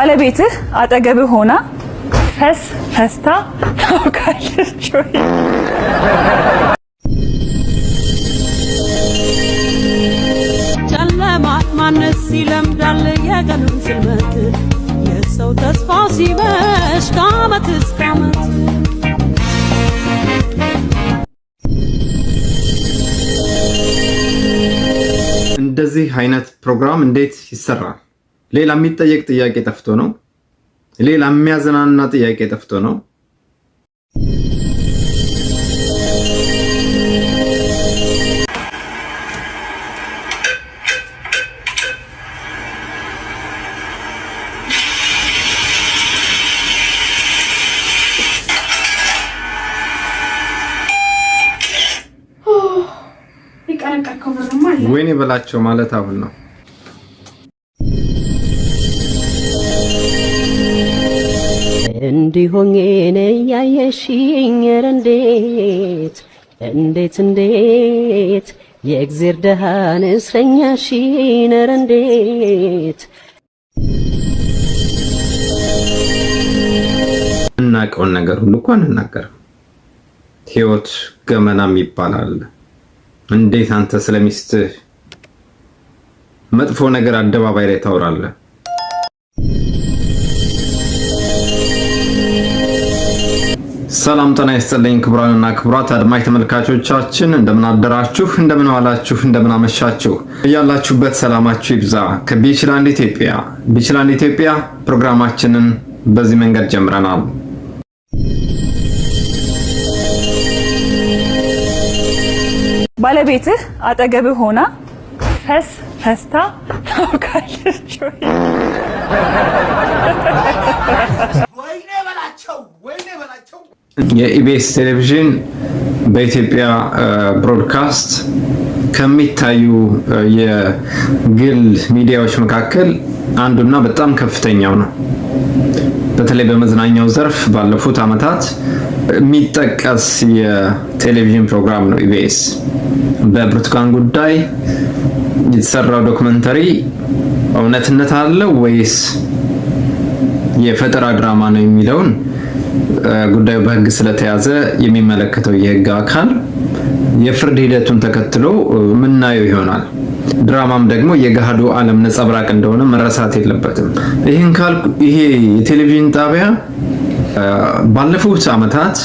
ባለቤትህ አጠገብህ ሆና ፈስ ፈስታ ታውቃለች ወይ? ማነስ ይለምዳል የቀኑን የሰው ተስፋ ሲበሽ ከዓመት እስከ እንደዚህ አይነት ፕሮግራም እንዴት ይሰራል? ሌላ የሚጠየቅ ጥያቄ ጠፍቶ ነው። ሌላ የሚያዝናና ጥያቄ ጠፍቶ ነው። ወይኔ በላቸው ማለት አሁን ነው። እንዲሆኜ ነይ ያየሽኝ እንዴት እንዴት እንዴት የእግዜር ደሃ እስረኛሽን ኧረ እንዴት እናቀውን ነገር ሁሉ እኮ አንናገርም። ህይወት ገመናም ይባላል። እንዴት አንተ ስለሚስትህ መጥፎ ነገር አደባባይ ላይ ታውራለህ? ሰላም ጤና ይስጥልኝ ክቡራንና ክቡራት አድማጭ ተመልካቾቻችን፣ እንደምን እንደምን አደራችሁ ዋላችሁ እንደምን አመሻችሁ። እያላችሁበት ሰላማችሁ ይብዛ። ከቢችላንድ ኢትዮጵያ ቢችላንድ ኢትዮጵያ ፕሮግራማችንን በዚህ መንገድ ጀምረናል። ባለቤትህ አጠገብህ ሆና ፈስ ፈስታ ታውቃለች የኢቢኤስ ቴሌቪዥን በኢትዮጵያ ብሮድካስት ከሚታዩ የግል ሚዲያዎች መካከል አንዱና በጣም ከፍተኛው ነው። በተለይ በመዝናኛው ዘርፍ ባለፉት ዓመታት የሚጠቀስ የቴሌቪዥን ፕሮግራም ነው ኢቢኤስ። በብርቱካን ጉዳይ የተሰራው ዶክመንተሪ እውነትነት አለው ወይስ የፈጠራ ድራማ ነው የሚለውን ጉዳዩ በህግ ስለተያዘ የሚመለከተው የህግ አካል የፍርድ ሂደቱን ተከትሎ ምናየው ይሆናል። ድራማም ደግሞ የገሃዱ ዓለም ነጸብራቅ እንደሆነ መረሳት የለበትም። ይህን ካልኩ ይሄ የቴሌቪዥን ጣቢያ ባለፉት ዓመታት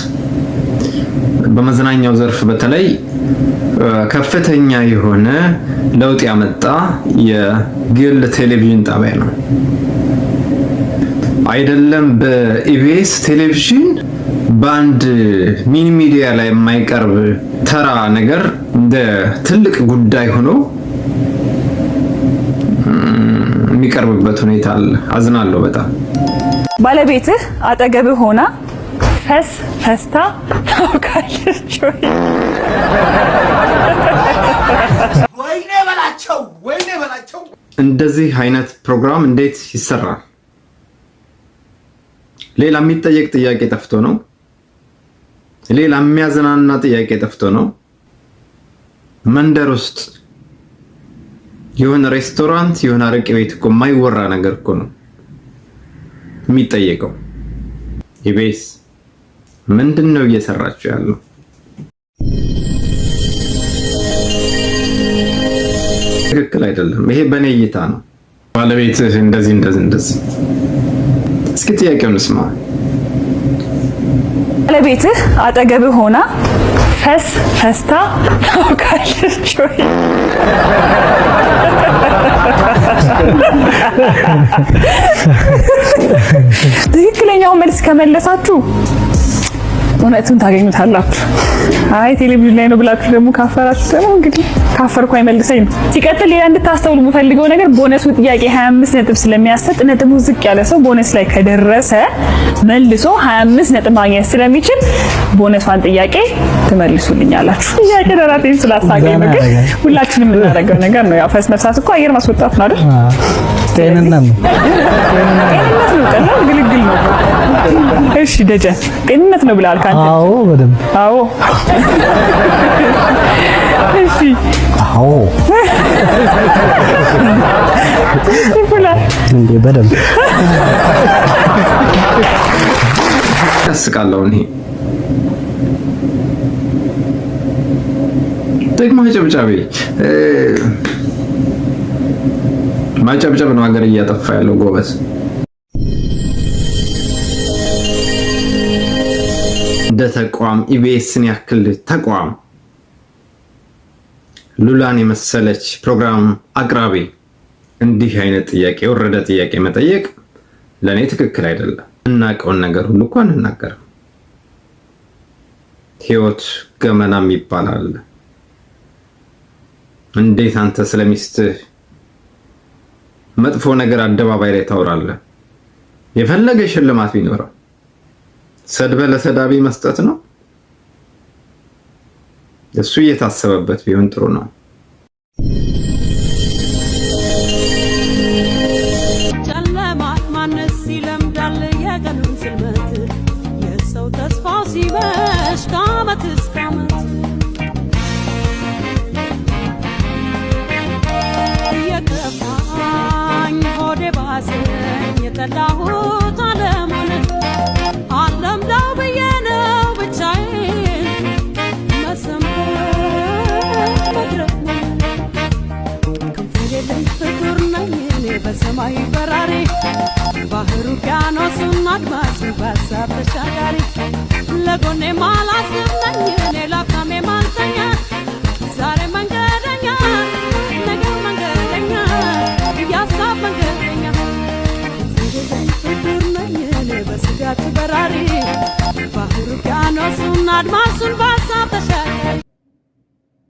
በመዝናኛው ዘርፍ በተለይ ከፍተኛ የሆነ ለውጥ ያመጣ የግል ቴሌቪዥን ጣቢያ ነው። አይደለም በኢቢኤስ ቴሌቪዥን በአንድ ሚኒ ሚዲያ ላይ የማይቀርብ ተራ ነገር እንደ ትልቅ ጉዳይ ሆኖ የሚቀርብበት ሁኔታ አለ። አዝናለሁ በጣም። ባለቤትህ አጠገብህ ሆና ፈስ ፈስታ ታውቃለች ወይ? ወይኔ በላቸው፣ ወይኔ በላቸው። እንደዚህ አይነት ፕሮግራም እንዴት ይሰራል? ሌላ የሚጠየቅ ጥያቄ ጠፍቶ ነው። ሌላ የሚያዝናና ጥያቄ ጠፍቶ ነው። መንደር ውስጥ የሆነ ሬስቶራንት፣ የሆነ አረቄ ቤት እኮ የማይወራ ነገር እኮ ነው የሚጠየቀው። ኢቢኤስ ምንድን ነው እየሰራችሁ ያለው? ትክክል አይደለም። ይሄ በእኔ እይታ ነው። ባለቤትህ እንደዚህ እንደዚህ እንደዚህ እስኪ ጥያቄውን ስማ። ባለቤትህ አጠገብ ሆና ፈስ ፈስታ ታውቃለች ወይ? መልስ ከመለሳችሁ እውነቱን ታገኙታላችሁ። አይ ቴሌቪዥን ላይ ነው ብላችሁ ደግሞ ካፈራችሁ ደግሞ እንግዲህ ካፈርኩ አይመልሰኝ ነው። ሲቀጥል ሌላ እንድታስተውሉ የምፈልገው ነገር ቦነሱ ጥያቄ 25 ነጥብ ስለሚያሰጥ ነጥቡ ዝቅ ያለ ሰው ቦነስ ላይ ከደረሰ መልሶ 25 ነጥብ ማግኘት ስለሚችል ቦነሷን ጥያቄ ትመልሱልኛላችሁ። ጥያቄ ደራቴን ስላሳገኝ ነው። ግን ሁላችንም የምናደርገው ነገር ነው። ያው ፈስ ነፍሳት እኮ አየር ማስወጣት ነው አይደል? ጤንነት ነው። ቀላል ግልግል ነው። እሺ ደጀ ጤንነት ነው ብለሃል ካንተ? አዎ በደምብ አዎ። እሺ አዎ እንዴ በደምብ ያስቃለሁ። እኔ ደግሞ ጨብጫቤ ማጨብጨብ ነው ሀገር እያጠፋ ያለው ጎበዝ እንደ ተቋም ኢቢኤስን ያክል ተቋም ሉላን የመሰለች ፕሮግራም አቅራቢ እንዲህ አይነት ጥያቄ የወረደ ጥያቄ መጠየቅ ለእኔ ትክክል አይደለም። እናውቀውን ነገር ሁሉ እኮ አንናገርም። ህይወት ገመናም ይባላል። እንዴት አንተ ስለሚስትህ መጥፎ ነገር አደባባይ ላይ ታውራለህ? የፈለገ ሽልማት ቢኖረው ሰድበ ለሰዳቢ መስጠት ነው። እሱ እየታሰበበት ቢሆን ጥሩ ነው። ጨለማ ማነስ ይለምዳል የቀኑን ጽልመት የሰው ተስፋ ሲበሽ ከአመት እስከ ዓመት የከፋኝ ሆዴ ባሰኝ የጠላሁ በሰማይ በራሪ ባህሩ ውቅያኖሱን አድማሱ በሀሳብ ተሻጋሪ ለጎኔ ማላስብነኝ እኔ ላፍታሜ ማልተኛ ዛሬ መንገደኛ ነገ መንገደኛ ያሳብ መንገደኛ ፍጡር ነኝ እኔ በስጋቱ በራሪ ባህሩ ውቅያኖሱን አድማሱን